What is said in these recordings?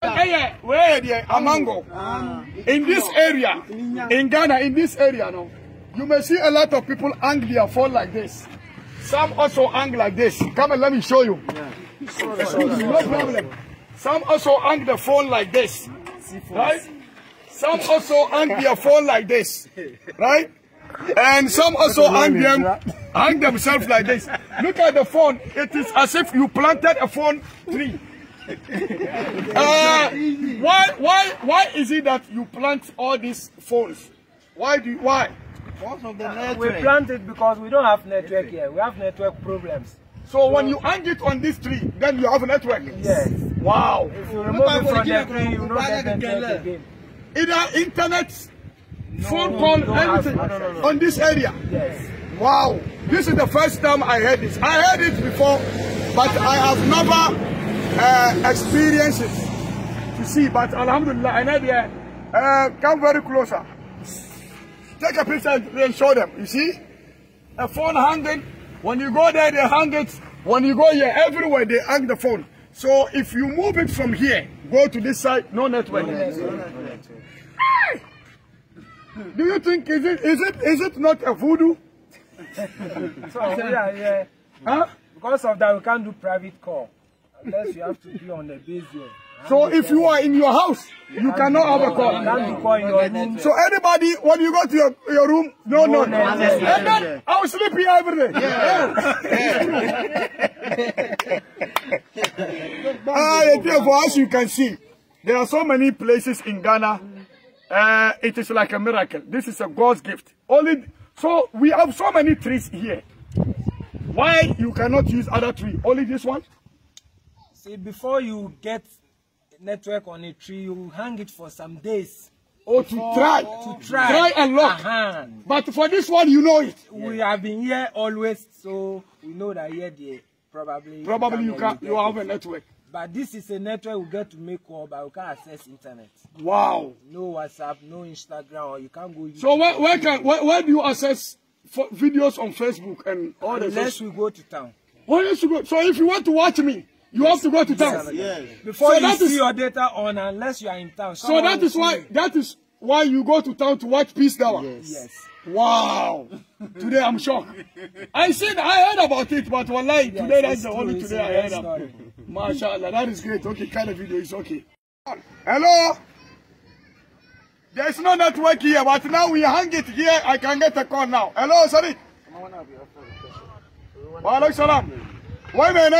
where the Amango, ah. in this area, in Ghana, in this area, no, you may see a lot of people hang their phone like this. Some also hang like this. Come and let me show you. Excuse me, no problem. Some also hang the phone like this, right? Some also hang their phone like this, right? And some also hang them, hang themselves like this. Look at the phone. It is as if you planted a phone tree. uh, why, why, why is it that you plant all these phones? Why do you, why? Because of the network. We plant it because we don't have network here. We have network problems. So, so when you hang it on this tree, then you have a network. Yes. Wow. If you remove it from the tree, you network again. Either internet, no, phone no, call, anything on this area. Yes. Wow. This is the first time I heard this. I heard it before, but I have never uh, experiences to see. But Alhamdulillah, I know they uh, come very closer. Take a picture and show them. You see? A phone hanging. When you go there, they hang it. When you go here, everywhere they hang the phone. So if you move it from here, go to this side, no network. No No Do you think is it is it is it not a voodoo? so yeah, yeah. Huh? Because of that, we can't do private call. Unless you have to be on the base here. So if you are in your house, you, you cannot have a call. call so anybody, when you go to your, your room, no, no. no. And then I will sleep here every day. Yeah. yeah. ah, therefore, as you can see, there are so many places in Ghana. Uh, it is like a miracle. This is a God's gift. Only so we have so many trees here. Why you cannot use other tree? Only this one? See, before you get network on a tree, you hang it for some days. Oh, to oh, try. To try. Try and lock. But for this one, you know it. We have been here always, so we know that here they probably... Probably you, can, you have a network. But this is a network we get to make call, but we can't access internet. Wow. No WhatsApp, no Instagram, or you can't go... YouTube. So where, where, can, where, where do you access videos on Facebook and all Unless the... Unless we go to town. Unless you go... So if you want to watch me, You have to go to town. Yes. Before so you see is, your data on, unless you are in town. So that is why that is why you go to town to watch Peace Tower. Yes. yes. Wow. today I'm shocked. I said I heard about it, but wallahi, yes, today that's the only today I heard about it. MashaAllah, that is great. Okay, kind of video is okay. Hello? There's no network here, but now we hang it here. I can get a call now. Hello, sorry. Wa alaikum salam. Why, man,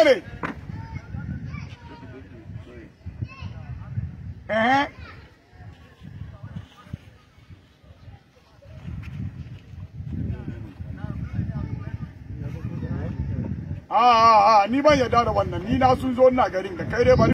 Eh? Ah, ah, ah, ni ban yarda da wannan, ni na sun zo ina garin da kai dai bari.